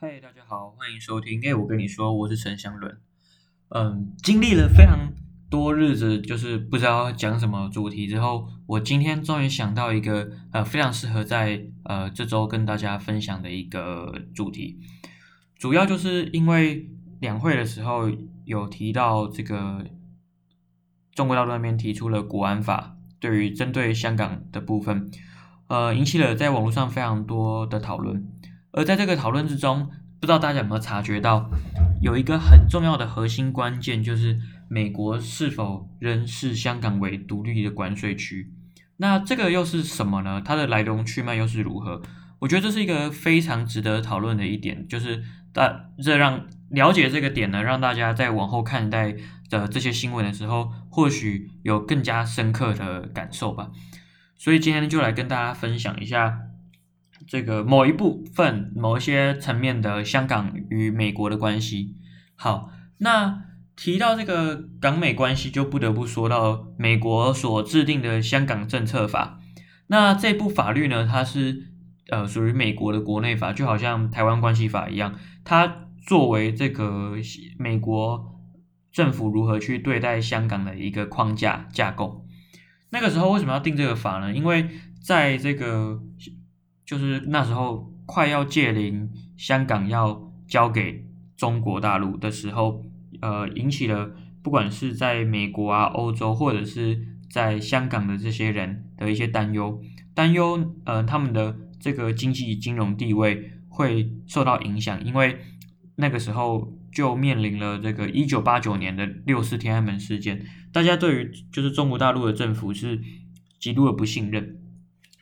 嗨，大家好，歡迎收聽。哎，hey，我跟你說，我是陳祥倫。嗯，經歷了非常多日子，就是不知道講什麼主題之後，我今天終於想到一個呃，非常適合在呃這週跟大家分享的一個主題。主要就是因為兩會的時候有提到這個中國大陸那邊提出了國安法，對於針對香港的部分，呃，引起了在網絡上非常多的討論。而在這個討論之中，不知道大家有沒有察覺到，有一個很重要的核心關鍵，就是美國是否仍視香港為獨立的關稅區？那這個又是什麼呢？它的來龍去脈又是如何？我覺得這是一個非常值得討論的一點，就是大這讓了解這個點呢，讓大家在往後看待的這些新聞的時候，或許有更加深刻的感受吧。所以今天就來跟大家分享一下。這個某一部分、某一些層面的香港與美國的關係。好，那提到這個港美關係，就不得不說到美國所制定的《香港政策法》。那這部法律呢，它是呃屬於美國的國內法，就好像《台灣關係法》一樣，它作為這個美國政府如何去對待香港的一個框架架構。那個時候為什麼要定這個法呢？因為在這個就是那時候快要屆臨，香港要交給中國大陸的時候，呃，引起了不管是在美國啊，歐洲或者是在香港的這些人的一些擔憂，擔憂，呃，他們的這個經濟金融地位會受到影響，因為那個時候就面臨了這個一九八九年的六四天安門事件，大家對於就是中國大陸的政府是極度的不信任，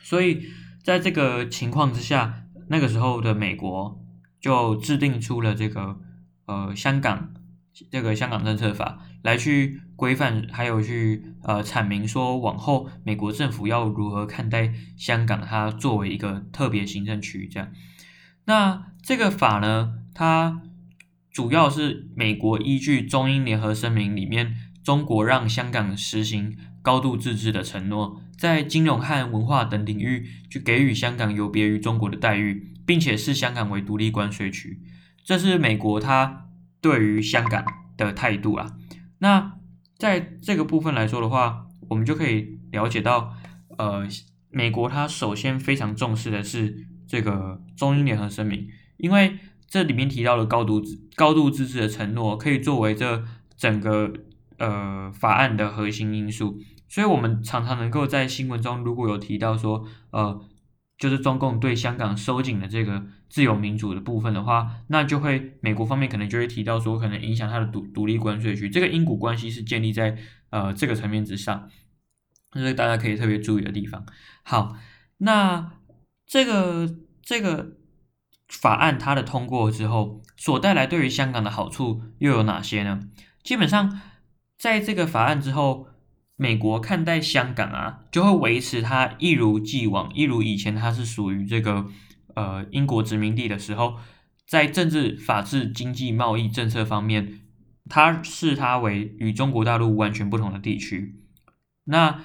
所以，在這個情況之下，那個時候的美國就制定出了這個呃香港這個香港政策法，來去規範還有去呃闡明說往後美國政府要如何看待香港，它作為一個特別行政區這樣。那這個法呢，它主要是美國依據中英聯合聲明裡面中國讓香港實行高度自治的承諾。在金融和文化等領域，去給予香港有別於中國的待遇，並且視香港為獨立關稅區，這是美國它對於香港的態度啦、啊。那在這個部分來說的話，我們就可以了解到，呃，美國它首先非常重視的是這個中英聯合聲明，因為這裡面提到的高度高度自治的承諾，可以作為這整個呃法案的核心因素。所以，我們常常能夠在新聞中，如果有提到說，呃，就是中共對香港收緊的這個自由民主的部分的話，那就會美國方面可能就會提到說，可能影響它的獨獨立關稅區。這個因果關係是建立在呃這個層面之上，所以大家可以特別注意的地方。好，那這個這個法案它的通過之後，所帶來對於香港的好處又有哪些呢？基本上，在這個法案之後。美國看待香港啊，就會維持它一如既往，一如以前，它是屬於這個呃英國殖民地的時候，在政治、法治、經濟、貿易政策方面，它視它為與中國大陸完全不同的地區。那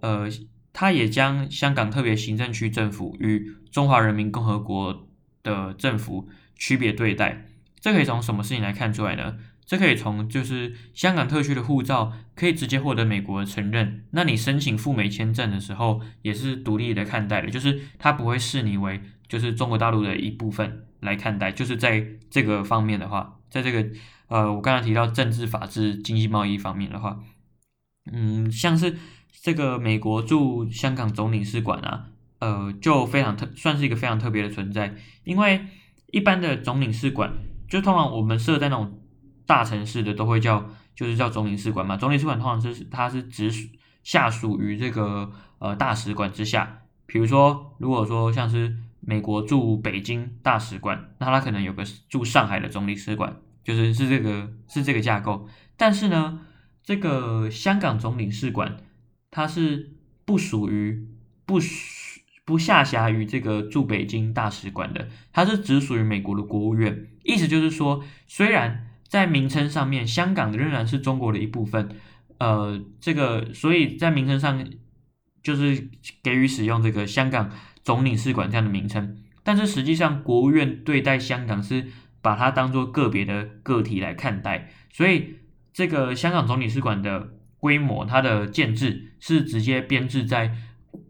呃，它也將香港特別行政區政府與中華人民共和國的政府區別對待。這可以從什麼事情來看出來呢？這可以從就是香港特區的護照可以直接獲得美國的承認，那你申請赴美簽證的時候也是獨立的看待的，就是它不會視你為就是中國大陸的一部分來看待。就是在這個方面的話，在這個呃，我剛才提到政治、法治、經濟、貿易方面的話，嗯，像是這個美國駐香港總領事館啊，呃，就非常特算是一個非常特別的存在，因為一般的總領事館就通常我們設在那種。大城市的都會叫，就是叫總領事館嘛。總領事館通常是它是直屬下屬於這個呃大使館之下。比如說，如果說像是美國駐北京大使館，那它可能有個駐上海的總領事館，就是是這個是這個架構。但是呢，這個香港總領事館它是不屬於不屬不下轄於這個駐北京大使館的，它是直屬於美國的國務院。意思就是說，雖然。在名稱上面，香港仍然是中國的一部分。呃，這個，所以在名稱上就是給予使用這個香港總領事館這樣的名稱。但是實際上，國務院對待香港是把它當作個別的個體來看待，所以這個香港總領事館的規模，它的建制是直接編制在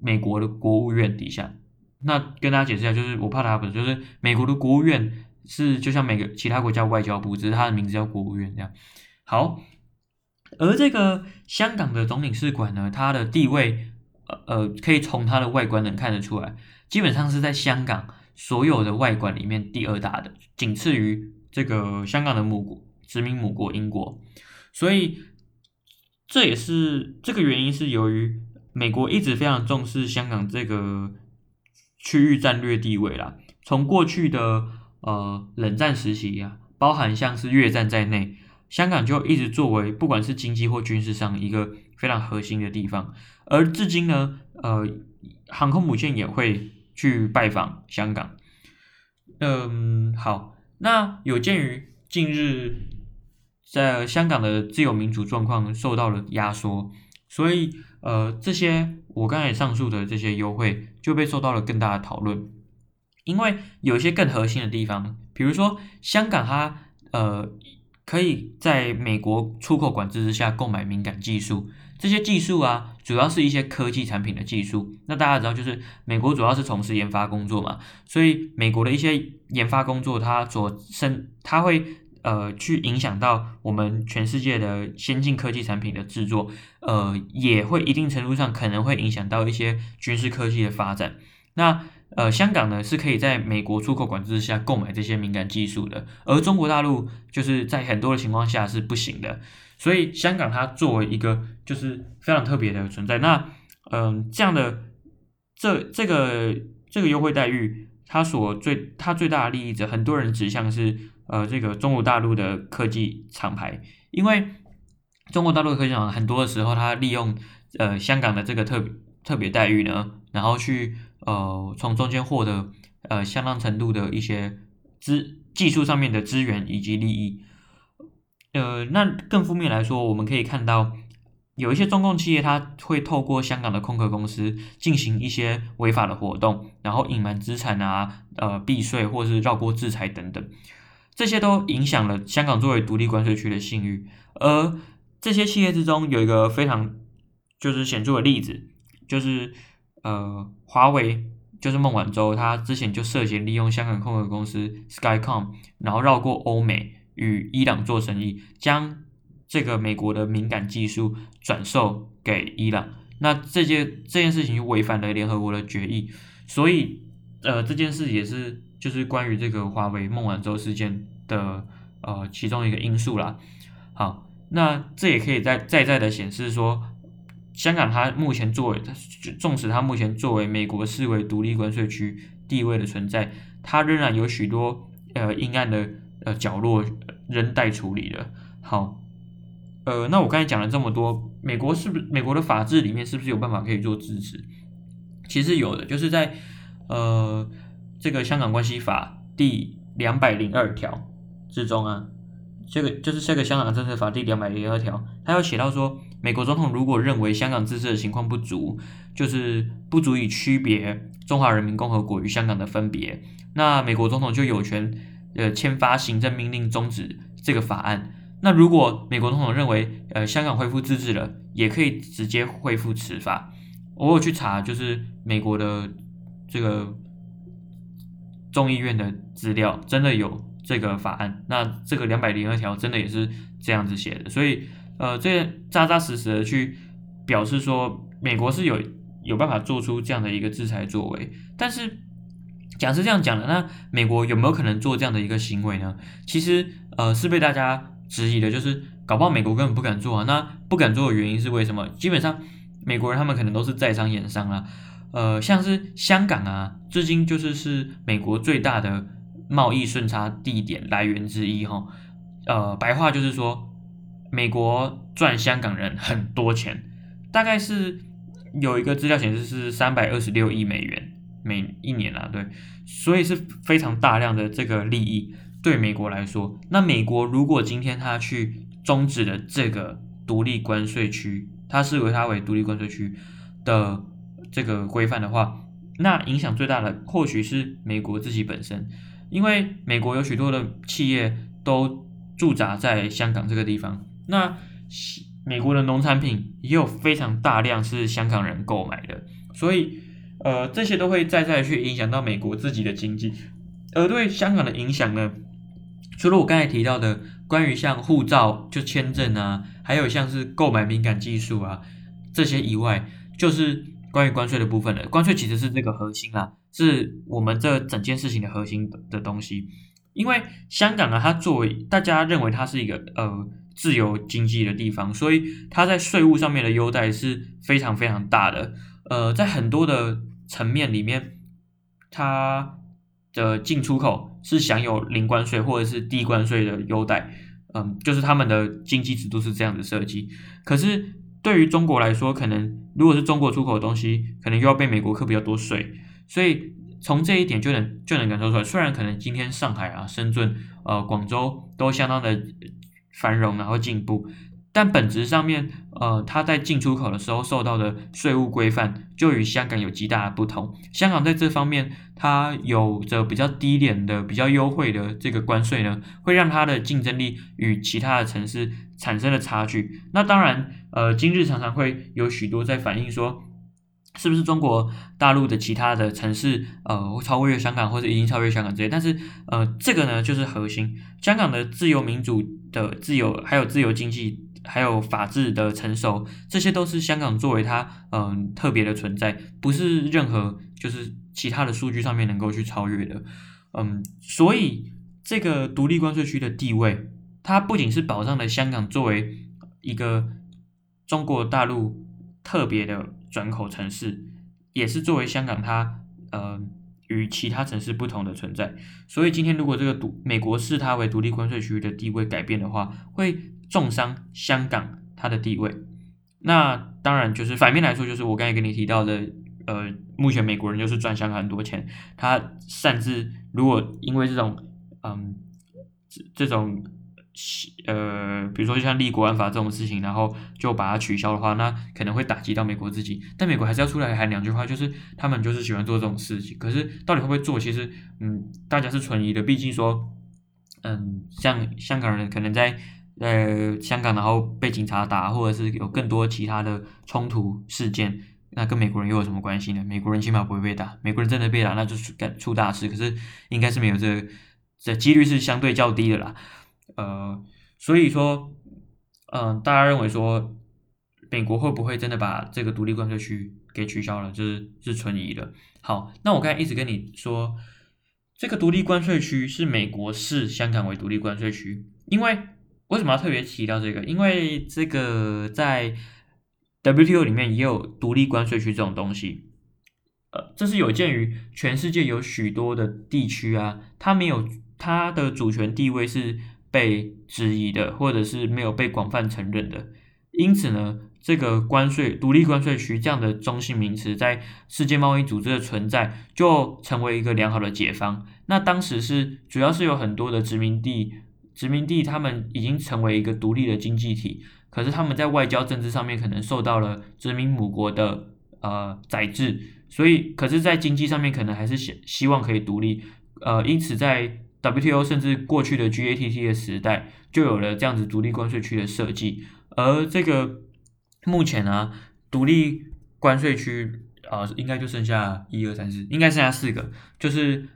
美國的國務院底下。那跟大家解釋一下，就是我怕它不，就是美國的國務院。是，就像每個其他國家外交部，只是它的名字叫國務院這樣。好，而這個香港的總領事館呢，它的地位，呃，可以從它的外觀能看得出來，基本上是在香港所有的外館裡面第二大的，僅次於這個香港的母國殖民母國英國。所以這也是這個原因是由於美國一直非常重視香港這個區域戰略地位啦，從過去的。呃，冷戰時期啊，包含像是越戰在內，香港就一直作為不管是經濟或軍事上一個非常核心的地方。而至今呢，呃，航空母艦也會去拜訪香港。嗯、呃，好，那有鑒於近日在香港的自由民主狀況受到了壓縮，所以呃，這些我剛才上述的這些優惠就被受到了更大的討論。因為有一些更核心的地方，比如說香港它，它呃可以在美國出口管制之下購買敏感技術。這些技術啊，主要是一些科技產品的技術。那大家知道，就是美國主要是從事研發工作嘛，所以美國的一些研發工作，它所生，它會呃去影響到我們全世界的先進科技產品的制作，呃，也會一定程度上可能會影響到一些軍事科技的發展。那。呃，香港呢是可以在美國出口管制下購買這些敏感技術的，而中國大陸就是在很多的情況下是不行的。所以香港它作為一個就是非常特別的存在。那嗯、呃，這樣的這這個這個優惠待遇，它所最它最大的利益者，很多人指向是呃這個中國大陸的科技廠牌，因為中國大陸的科技廠很多的時候，它利用呃香港的這個特特別待遇呢，然後去。呃，從中間獲得呃相當程度的一些資技術上面的資源以及利益，呃，那更負面來說，我們可以看到有一些中共企業，它會透過香港的空殼公司進行一些違法的活動，然後隱瞞資產啊，呃，避稅或是繞過制裁等等，這些都影響了香港作為獨立關稅區的信譽。而這些企業之中，有一個非常就是顯著的例子，就是。呃，華為就是孟晚舟，他之前就涉嫌利用香港控股公司 Skycom，然後繞過歐美與伊朗做生意，將這個美國的敏感技術轉售給伊朗。那這件這件事情就違反了聯合國的決議，所以呃這件事也是就是關於這個華為孟晚舟事件的呃其中一個因素啦。好，那這也可以在在在的顯示說。香港，它目前作為它，縱使它目前作為美國視為獨立關稅區地位的存在，它仍然有許多呃陰暗的呃角落仍待處理的。好，呃，那我剛才講了這麼多，美國是不是美國的法治裡面是不是有辦法可以做支持？其實有的，就是在呃這個香港關係法第兩百零二條之中啊，這個就是這個香港政策法第兩百零二條，它有寫到說。美國總統如果認為香港自治的情況不足，就是不足以區別中華人民共和國與香港的分別，那美國總統就有權，呃，簽發行政命令終止這個法案。那如果美國總統認為，呃，香港恢復自治了，也可以直接恢復此法。我有去查，就是美國的這個眾議院的資料，真的有這個法案。那這個兩百零二條真的也是這樣子寫的，所以。呃，這扎扎實實的去表示說，美國是有有辦法做出這樣的一個制裁作為。但是，講是這樣講的，那美國有沒有可能做這樣的一個行為呢？其實，呃，是被大家質疑的，就是搞不好美國根本不敢做啊。那不敢做的原因是為什麼？基本上，美國人他們可能都是在商言商啦，啊。呃，像是香港啊，至今就是是美國最大的貿易順差地點來源之一哈。呃，白話就是說。美國賺香港人很多錢，大概是有一個資料顯示是三百二十六億美元，每一年啊，對，所以是非常大量的這個利益，對美國來說。那美國如果今天他去終止了這個獨立關稅區，他視為他為獨立關稅區的這個規範的話，那影響最大的或許是美國自己本身，因為美國有許多的企業都駐紮在香港這個地方。那美國的農產品也有非常大量是香港人購買的，所以呃，這些都會再再去影響到美國自己的經濟，而對香港的影響呢，除了我剛才提到的關於像護照就簽證啊，還有像是購買敏感技術啊這些以外，就是關於關稅的部分了。關稅其實是這個核心啊，是我們這整件事情的核心的、的東西，因為香港啊，它作為大家認為它是一個呃。自由經濟的地方，所以它在稅務上面的優待是非常非常大的。呃，在很多的層面裡面，它的進出口是享有零關稅或者是低關稅的優待。嗯、呃，就是他們的經濟制度是這樣的設計。可是對於中國來說，可能如果是中國出口的東西，可能又要被美國課比較多稅。所以從這一點就能就能感受出來。雖然可能今天上海啊、深圳、呃、廣州都相當的。繁榮然後進步，但本質上面，呃，它在進出口的時候受到的稅務規範就與香港有極大的不同。香港在這方面，它有着比較低廉的、比較優惠的這個關稅呢，會讓它的競爭力與其他的城市產生了差距。那當然，呃，今日常常會有許多在反映說，是不是中國大陸的其他的城市，呃，超越香港或者已經超越香港之類？但是，呃，這個呢就是核心，香港的自由民主、的自由，還有自由經濟，還有法治的成熟，這些都是香港作為它嗯特別的存在，不是任何就是其他的數據上面能夠去超越的，嗯，所以這個獨立關稅區的地位，它不僅是保障了香港作為一個中國大陸特別的轉口城市，也是作為香港它嗯。與其他城市不同的存在，所以今天如果這個獨美國視它為獨立關稅區域的地位改變的話，會重傷香港它的地位。那當然就是反面來說，就是我剛才跟你提到的，呃，目前美國人就是賺香港很多錢，他擅自如果因為這種，嗯，這種。呃，比如說，就像立國安法這種事情，然後就把它取消的話，那可能會打擊到美國自己。但美國還是要出來喊兩句話，就是他們就是喜歡做這種事情。可是到底會不會做？其實嗯，大家是存疑的。畢竟說，嗯，像香港人可能在呃香港，然後被警察打，或者是有更多其他的衝突事件，那跟美國人又有什麼關係呢？美國人起碼不會被打，美國人真的被打，那就是出大事。可是應該是沒有這這個、幾率是相對較低的啦。呃，所以說，嗯、呃，大家認為說，美國會不會真的把這個獨立關稅區給取消了？就是是存疑的。好，那我剛才一直跟你說，這個獨立關稅區是美國視香港為獨立關稅區，因為為什麼要特別提到這個？因為這個在 WTO 裡面也有獨立關稅區這種東西。呃，這是有鑒於全世界有許多的地區啊，它沒有，它的主權地位是。被質疑的，或者是沒有被廣泛承認的，因此呢，這個關稅獨立關稅區這樣的中性名詞，在世界貿易組織的存在，就成為一個良好的解方。那當時是主要是有很多的殖民地，殖民地他們已經成為一個獨立的經濟體，可是他們在外交政治上面可能受到了殖民母國的呃宰制，所以，可是，在經濟上面可能還是希希望可以獨立，呃，因此在。WTO 甚至過去的 GATT 的時代，就有了這樣子獨立關稅區的設計。而這個目前呢、啊，獨立關稅區，呃，應該就剩下一二三四，應該剩下四個，就是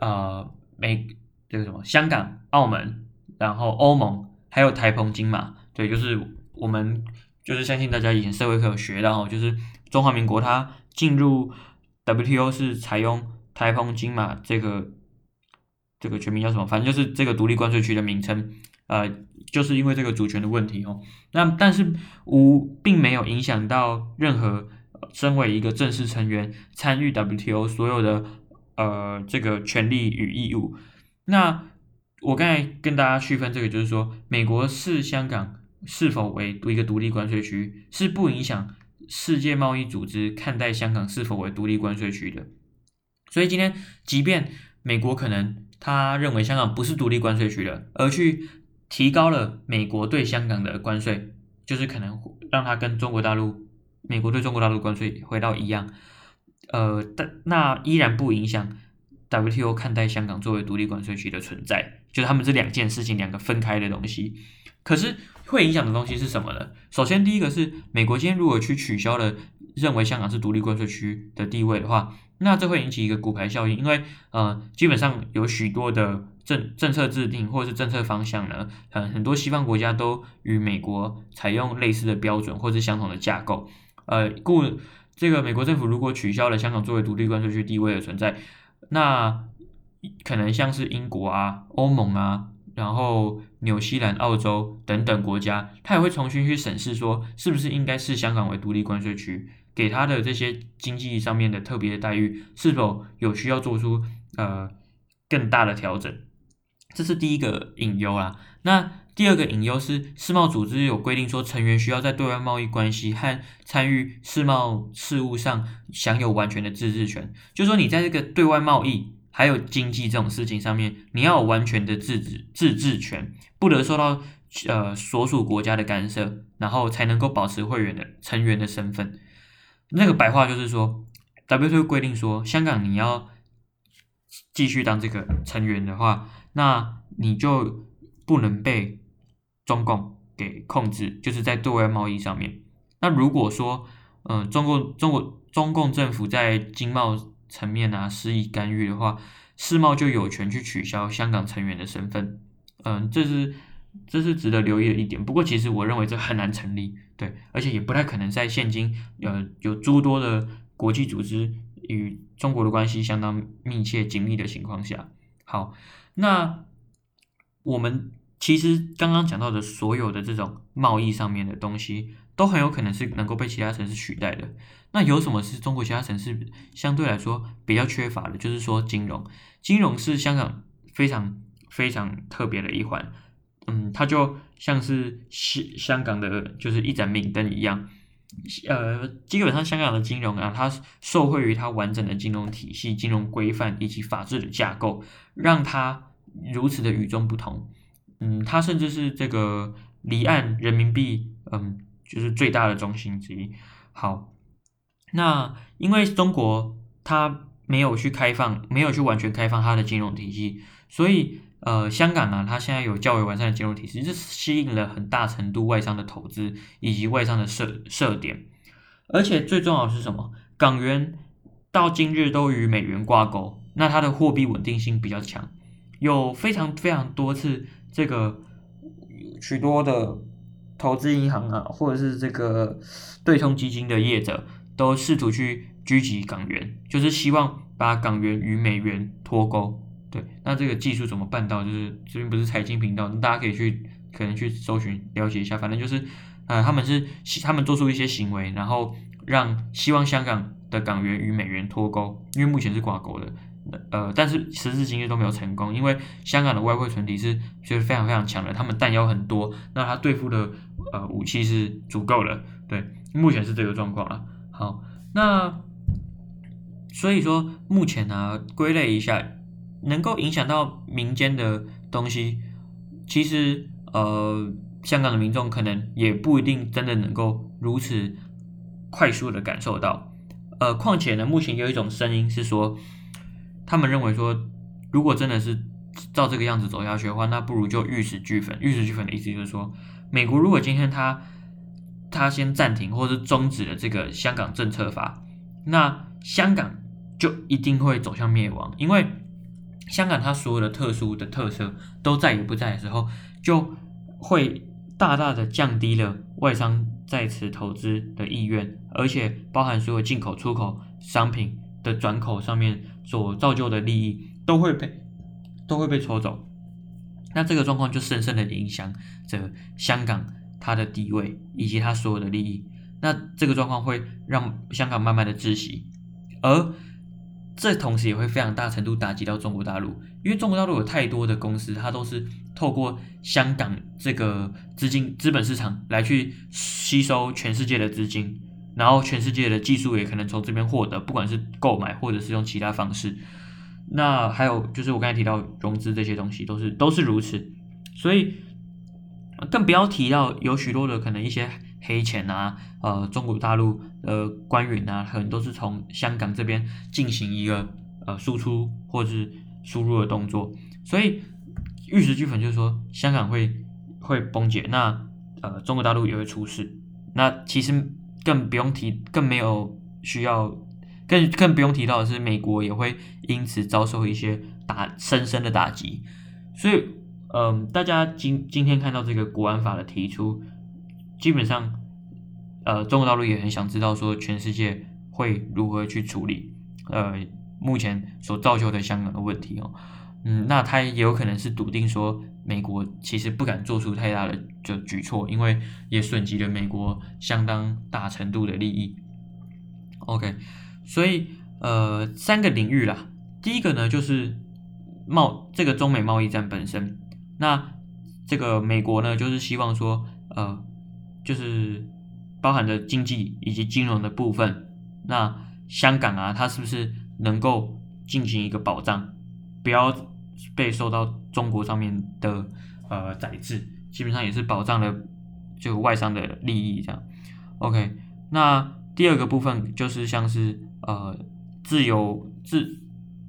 啊，美、呃、這個什麼香港、澳門，然後歐盟，還有台澎金馬。對，就是我們就是相信大家以前社會課有學到，就是中華民國它進入 WTO 是採用台澎金馬這個。這個全名叫什麼？反正就是這個獨立關稅區的名稱，呃，就是因為這個主權的問題哦。那但是無，無並沒有影響到任何身為一個正式成員參與 WTO 所有的呃這個權利與義務。那我剛才跟大家區分這個，就是說，美國視香港是否為一個獨立關稅區，是不影響世界貿易組織看待香港是否為獨立關稅區的。所以今天，即便美國可能。他認為香港不是獨立關稅區的，而去提高了美國對香港的關稅，就是可能讓他跟中國大陸、美國對中國大陸關稅回到一樣。呃，但那依然不影響 WTO 看待香港作為獨立關稅區的存在，就是他們這兩件事情兩個分開的東西。可是會影響的東西是什麼呢？首先第一個是美國今天如果去取消了認為香港是獨立關稅區的地位的話。那這會引起一個骨牌效應，因為呃，基本上有許多的政政策制定或者是政策方向呢，很很多西方國家都與美國採用類似的標準或者是相同的架構，呃，故這個美國政府如果取消了香港作為獨立關稅區地位的存在，那可能像是英國啊、歐盟啊，然後紐西蘭、澳洲等等國家，它也會重新去審視說，是不是應該視香港為獨立關稅區。給他的這些經濟上面的特別的待遇，是否有需要做出呃更大的調整？這是第一個隱憂啦。那第二個隱憂是，世貿組織有規定說，成員需要在對外貿易關係和參與世貿事務上享有完全的自治權，就是說你在這個對外貿易還有經濟這種事情上面，你要有完全的自治自治權，不得受到呃所屬國家的干涉，然後才能夠保持會員的成員的身份。那個白話就是說，WTO 規定說，香港你要繼續當這個成員的話，那你就不能被中共給控制，就是在對外貿易上面。那如果說，嗯、呃，中共、中國、中共政府在經貿層面啊施以干預的話，世貿就有權去取消香港成員的身份。嗯、呃，這是。這是值得留意的一點，不過其實我認為這很難成立，對，而且也不太可能在現今呃有，有諸多的國際組織與中國的關係相當密切緊密的情況下。好，那我們其實剛剛講到的所有的這種貿易上面的東西，都很有可能是能夠被其他城市取代的。那有什麼是中國其他城市相對來說比較缺乏的？就是說金融，金融是香港非常非常特別的一環。嗯，它就像是香香港的，就是一盞明燈一樣，呃，基本上香港的金融啊，它受惠於它完整的金融體系、金融規範以及法治的架構，讓它如此的與眾不同。嗯，它甚至是這個離岸人民幣，嗯，就是最大的中心之一。好，那因為中國它沒有去開放，沒有去完全開放它的金融體系，所以。呃，香港呢、啊，它現在有較為完善的金融體系，這是吸引了很大程度外商的投資以及外商的設設點。而且最重要的是什麼？港元到今日都與美元掛鈎，那它的貨幣穩定性比較強。有非常非常多次，這個許多的投資銀行啊，或者是這個對沖基金的業者，都試圖去狙擊港元，就是希望把港元與美元脫鈎。對，那這個技術怎麼辦到？就是這邊不是財經頻道，那大家可以去可能去搜尋了解一下。反正就是，呃，他們是他們做出一些行為，然後讓希望香港的港元與美元脫鈎，因為目前是掛鈎的。呃，但是時至今日都沒有成功，因為香港的外匯存底是就是非常非常強的，他們彈藥很多，那他對付的呃武器是足夠的。對，目前是這個狀況啊。好，那所以說目前呢、啊，歸類一下。能夠影響到民間的東西，其實呃，香港的民眾可能也不一定真的能夠如此快速的感受到。呃，況且呢，目前有一種聲音是說，他們認為說，如果真的是照這個樣子走下去的話，那不如就玉石俱焚。玉石俱焚的意思就是說，美國如果今天他他先暫停或是終止了這個香港政策法，那香港就一定會走向滅亡，因為。香港它所有的特殊的特色都再也不在的時候，就會大大的降低了外商在此投資的意願，而且包含所有進口、出口商品的轉口上面所造就的利益都會被都會被抽走，那這個狀況就深深的影響着香港它的地位以及它所有的利益，那這個狀況會讓香港慢慢的窒息，而。這同時也會非常大程度打擊到中國大陸，因為中國大陸有太多的公司，它都是透過香港這個資金資本市場來去吸收全世界的資金，然後全世界的技術也可能從這邊獲得，不管是購買或者是用其他方式。那還有就是我剛才提到融資這些東西，都是都是如此，所以更不要提到有許多的可能一些。黑錢啊，呃，中國大陸呃官員啊，可能都是從香港這邊進行一個呃輸出或者是輸入的動作，所以玉石俱焚，就是說香港會會崩解，那呃中國大陸也會出事，那其實更不用提，更沒有需要，更更不用提到的是，美國也會因此遭受一些打深深的打擊，所以嗯、呃，大家今今天看到這個國安法的提出。基本上，呃，中國大陸也很想知道說，全世界會如何去處理，呃，目前所造就的香港的問題哦，嗯，那他也有可能是篤定說，美國其實不敢做出太大的就舉措，因為也損及了美國相當大程度的利益。OK，所以呃，三個領域啦，第一個呢就是貿這個中美貿易戰本身，那這個美國呢就是希望說呃。就是包含的經濟以及金融的部分，那香港啊，它是不是能夠進行一個保障，不要被受到中國上面的呃宰制，基本上也是保障了這個外商的利益這樣。OK，那第二個部分就是像是呃自由自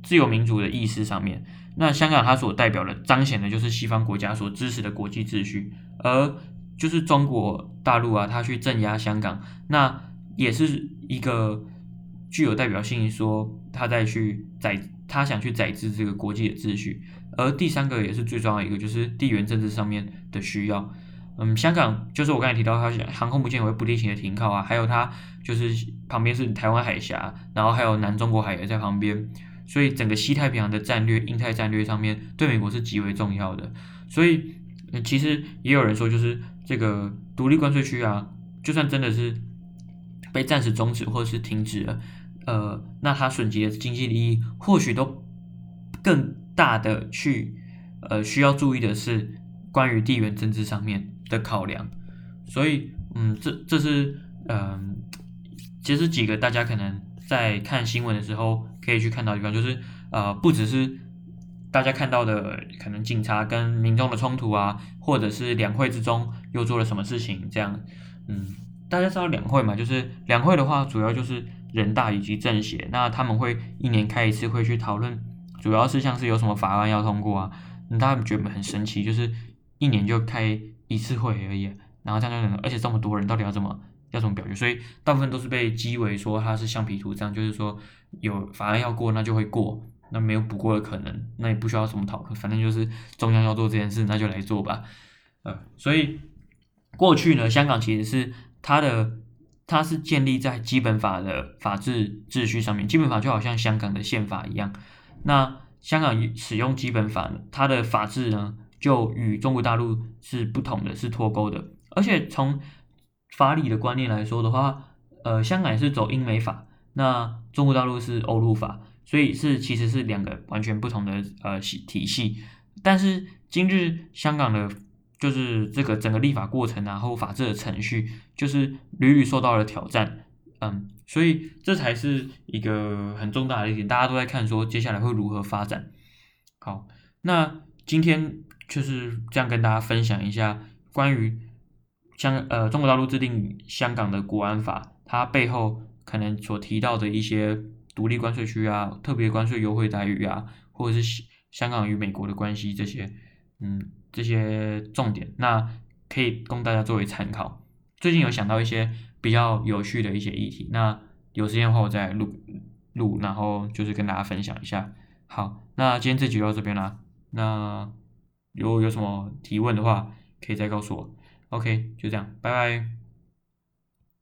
自由民主的意思上面，那香港它所代表的彰顯的就是西方國家所支持的國際秩序，而。就是中國大陸啊，他去鎮壓香港，那也是一個具有代表性說，說他在去宰，他想去宰制這個國際的秩序。而第三個也是最重要的一個，就是地緣政治上面的需要。嗯，香港就是我剛才提到，它航空母艦會不定期的停靠啊，還有它就是旁邊是台灣海峽，然後還有南中國海也在旁邊，所以整個西太平洋的戰略、印太戰略上面對美國是極為重要的。所以，嗯，其實也有人說，就是。這個獨立關稅區啊，就算真的是被暫時終止或者是停止了，呃，那它損及的經濟利益或許都更大的去，呃，需要注意的是關於地緣政治上面的考量。所以，嗯，這這是嗯、呃，其實幾個大家可能在看新聞的時候可以去看到的地方，就是呃，不只是。大家看到的可能警察跟民眾的衝突啊，或者是兩會之中又做了什麼事情？這樣，嗯，大家知道兩會嘛？就是兩會的話，主要就是人大以及政協，那他們會一年開一次會去討論，主要是像是有什麼法案要通過啊？大家覺得很神奇，就是一年就開一次會而已，啊，然後這樣就，而且這麼多人到底要怎麼要怎麼表決？所以大部分都是被譏為說他是橡皮圖章，就是說有法案要過，那就會過。那沒有補過的可能，那也不需要什麼討論，反正就是中央要做這件事，那就來做吧。呃，所以過去呢，香港其實是它的，它是建立在基本法的法治秩序上面，基本法就好像香港的憲法一樣。那香港使用基本法，它的法治呢就與中國大陸是不同的，是脫鈎的。而且從法理的觀念來說的話，呃，香港也是走英美法，那中國大陸是歐陸法。所以是其實是兩個完全不同的呃系體系，但是今日香港的就是這個整個立法過程啊，然後法治的程序就是屢屢受到了挑戰，嗯，所以這才是一個很重大的一點，大家都在看說接下來會如何發展。好，那今天就是這樣跟大家分享一下關於香呃中國大陸制定香港的國安法，它背後可能所提到的一些。獨立關稅區啊，特別關稅優惠待遇啊，或者是香港與美國的關係這些，嗯，這些重點，那可以供大家作為參考。最近有想到一些比較有趣的一些議題，那有時間的話我再錄錄，然後就是跟大家分享一下。好，那今天這集就到這邊啦。那有有什麼提問的話，可以再告訴我。OK，就這樣，拜拜。